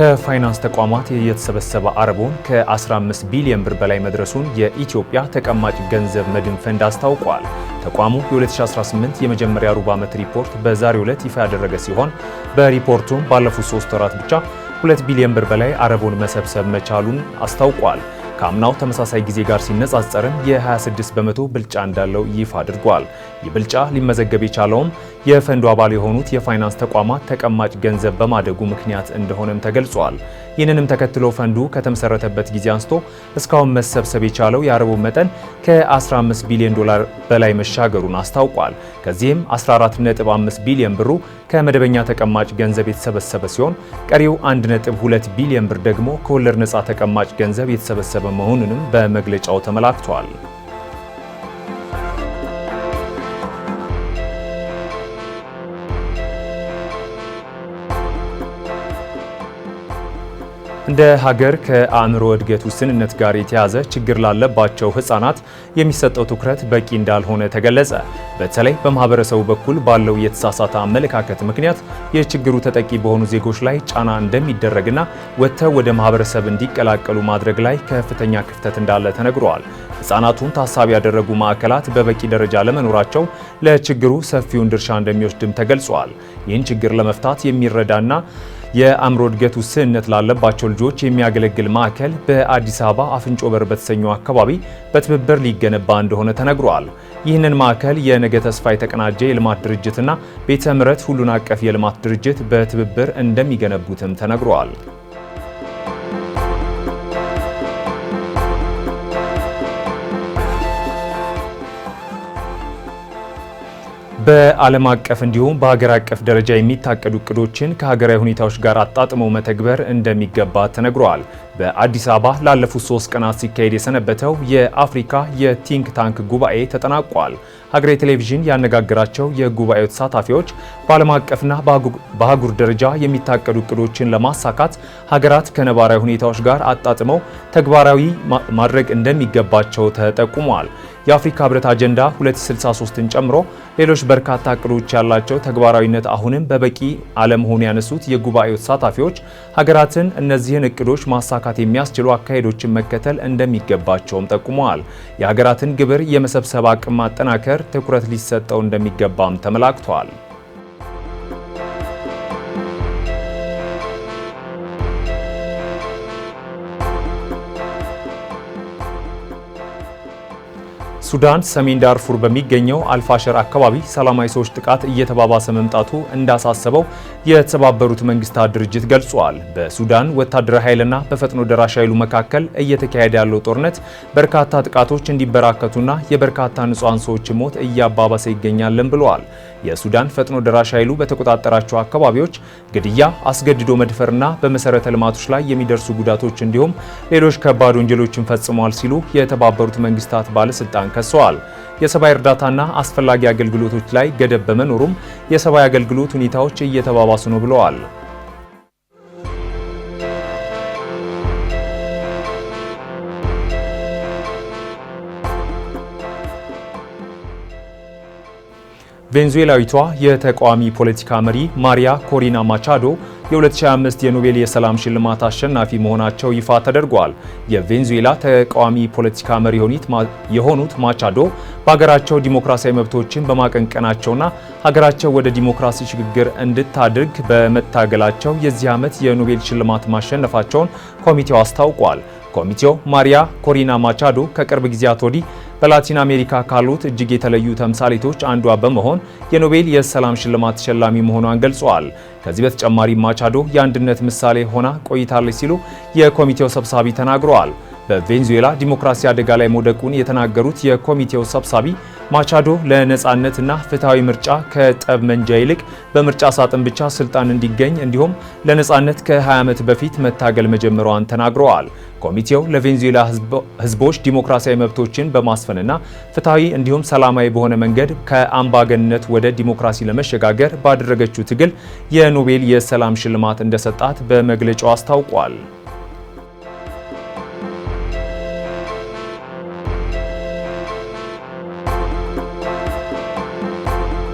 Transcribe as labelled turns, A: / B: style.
A: ከፋይናንስ ተቋማት የተሰበሰበ አረቦን ከ15 ቢሊዮን ብር በላይ መድረሱን የኢትዮጵያ ተቀማጭ ገንዘብ መድን ፈንድ አስታውቋል። ተቋሙ የ2018 የመጀመሪያ ሩብ ዓመት ሪፖርት በዛሬው ዕለት ይፋ ያደረገ ሲሆን በሪፖርቱም ባለፉት ሶስት ወራት ብቻ 2 ቢሊዮን ብር በላይ አረቦን መሰብሰብ መቻሉን አስታውቋል። ከአምናው ተመሳሳይ ጊዜ ጋር ሲነጻጸርም የ26 በመቶ ብልጫ እንዳለው ይፋ አድርጓል። ይህ ብልጫ ሊመዘገብ የቻለውም የፈንዱ አባል የሆኑት የፋይናንስ ተቋማት ተቀማጭ ገንዘብ በማደጉ ምክንያት እንደሆነም ተገልጿል። ይህንንም ተከትሎ ፈንዱ ከተመሰረተበት ጊዜ አንስቶ እስካሁን መሰብሰብ የቻለው የአረቡ መጠን ከ15 ቢሊዮን ዶላር በላይ መሻገሩን አስታውቋል። ከዚህም 14.5 ቢሊዮን ብሩ ከመደበኛ ተቀማጭ ገንዘብ የተሰበሰበ ሲሆን ቀሪው 1.2 ቢሊዮን ብር ደግሞ ከወለድ ነፃ ተቀማጭ ገንዘብ የተሰበሰበ መሆኑንም በመግለጫው ተመላክቷል።
B: እንደ ሀገር ከአእምሮ እድገት ውስንነት ጋር የተያዘ ችግር ላለባቸው ህጻናት የሚሰጠው ትኩረት በቂ እንዳልሆነ ተገለጸ። በተለይ በማህበረሰቡ በኩል ባለው የተሳሳተ አመለካከት ምክንያት የችግሩ ተጠቂ በሆኑ ዜጎች ላይ ጫና እንደሚደረግና ወጥተው ወደ ማህበረሰብ እንዲቀላቀሉ ማድረግ ላይ ከፍተኛ ክፍተት እንዳለ ተነግሯል። ህጻናቱን ታሳቢ ያደረጉ ማዕከላት በበቂ ደረጃ ለመኖራቸው ለችግሩ ሰፊውን ድርሻ እንደሚወስድም ተገልጿል። ይህን ችግር ለመፍታት የሚረዳና የአእምሮ እድገት ውስንነት ላለባቸው ልጆች የሚያገለግል ማዕከል በአዲስ አበባ አፍንጮ በር በተሰኘው አካባቢ በትብብር ሊገነባ እንደሆነ ተነግሯል። ይህንን ማዕከል የነገ ተስፋ የተቀናጀ የልማት ድርጅትና ቤተ ምረት ሁሉን አቀፍ የልማት ድርጅት በትብብር እንደሚገነቡትም ተነግሯል። በዓለም አቀፍ እንዲሁም በሀገር አቀፍ ደረጃ የሚታቀዱ እቅዶችን ከሀገራዊ ሁኔታዎች ጋር አጣጥሞ መተግበር እንደሚገባ ተነግሯል። በአዲስ አበባ ላለፉት ሶስት ቀናት ሲካሄድ የሰነበተው የአፍሪካ የቲንክ ታንክ ጉባኤ ተጠናቋል። ሀገሬ ቴሌቪዥን ያነጋገራቸው የጉባኤው ተሳታፊዎች በዓለም አቀፍና በአህጉር ደረጃ የሚታቀዱ እቅዶችን ለማሳካት ሀገራት ከነባራዊ ሁኔታዎች ጋር አጣጥመው ተግባራዊ ማድረግ እንደሚገባቸው ተጠቁሟል። የአፍሪካ ህብረት አጀንዳ 2063ን ጨምሮ ሌሎች በ በርካታ እቅዶች ያላቸው ተግባራዊነት አሁንም በበቂ አለመሆኑ ያነሱት የጉባኤው ተሳታፊዎች ሀገራትን እነዚህን እቅዶች ማሳካት የሚያስችሉ አካሄዶችን መከተል እንደሚገባቸውም ጠቁመዋል። የሀገራትን ግብር የመሰብሰብ አቅም ማጠናከር ትኩረት ሊሰጠው እንደሚገባም ተመላክቷል። ሱዳን ሰሜን ዳርፉር በሚገኘው አልፋሸር አካባቢ ሰላማዊ ሰዎች ጥቃት እየተባባሰ መምጣቱ እንዳሳሰበው የተባበሩት መንግስታት ድርጅት ገልጿል። በሱዳን ወታደራዊ ኃይልና በፈጥኖ ደራሽ ኃይሉ መካከል እየተካሄደ ያለው ጦርነት በርካታ ጥቃቶች እንዲበራከቱና የበርካታ ንጹሐን ሰዎች ሞት እያባባሰ ይገኛልን ብለዋል። የሱዳን ፈጥኖ ደራሽ ኃይሉ በተቆጣጠራቸው አካባቢዎች ግድያ፣ አስገድዶ መድፈርና በመሰረተ ልማቶች ላይ የሚደርሱ ጉዳቶች እንዲሁም ሌሎች ከባድ ወንጀሎችን ፈጽመዋል ሲሉ የተባበሩት መንግስታት ባለስልጣን ከሰዋል። የሰብአዊ እርዳታና አስፈላጊ አገልግሎቶች ላይ ገደብ በመኖሩም የሰብአዊ አገልግሎት ሁኔታዎች እየተባባሱ ነው ብለዋል።
C: ቬንዙዌላዊቷ የተቃዋሚ ፖለቲካ መሪ ማሪያ ኮሪና ማቻዶ የ2025 የኖቤል የሰላም ሽልማት አሸናፊ መሆናቸው ይፋ ተደርጓል። የቬንዙዌላ ተቃዋሚ ፖለቲካ መሪ የሆኑት ማቻዶ በሀገራቸው ዲሞክራሲያዊ መብቶችን በማቀንቀናቸውና ሀገራቸው ወደ ዲሞክራሲ ሽግግር እንድታድርግ በመታገላቸው የዚህ ዓመት የኖቤል ሽልማት ማሸነፋቸውን ኮሚቴው አስታውቋል። ኮሚቴው ማሪያ ኮሪና ማቻዶ ከቅርብ ጊዜያት ወዲህ በላቲን አሜሪካ ካሉት እጅግ የተለዩ ተምሳሌቶች አንዷ በመሆን የኖቤል የሰላም ሽልማት ተሸላሚ መሆኗን ገልጸዋል። ከዚህ በተጨማሪ ማቻዶ የአንድነት ምሳሌ ሆና ቆይታለች ሲሉ የኮሚቴው ሰብሳቢ ተናግረዋል። በቬንዙዌላ ዲሞክራሲ አደጋ ላይ መውደቁን የተናገሩት የኮሚቴው ሰብሳቢ ማቻዶ ለነጻነትና ፍትሐዊ ምርጫ ከጠብ መንጃ ይልቅ በምርጫ ሳጥን ብቻ ስልጣን እንዲገኝ እንዲሁም ለነጻነት ከ20 ዓመት በፊት መታገል መጀመሯን ተናግረዋል። ኮሚቴው ለቬንዙዌላ ህዝቦች ዲሞክራሲያዊ መብቶችን በማስፈንና ፍትሐዊ እንዲሁም ሰላማዊ በሆነ መንገድ ከአምባገንነት ወደ ዲሞክራሲ ለመሸጋገር ባደረገችው ትግል የኖቤል የሰላም ሽልማት እንደሰጣት በመግለጫው አስታውቋል።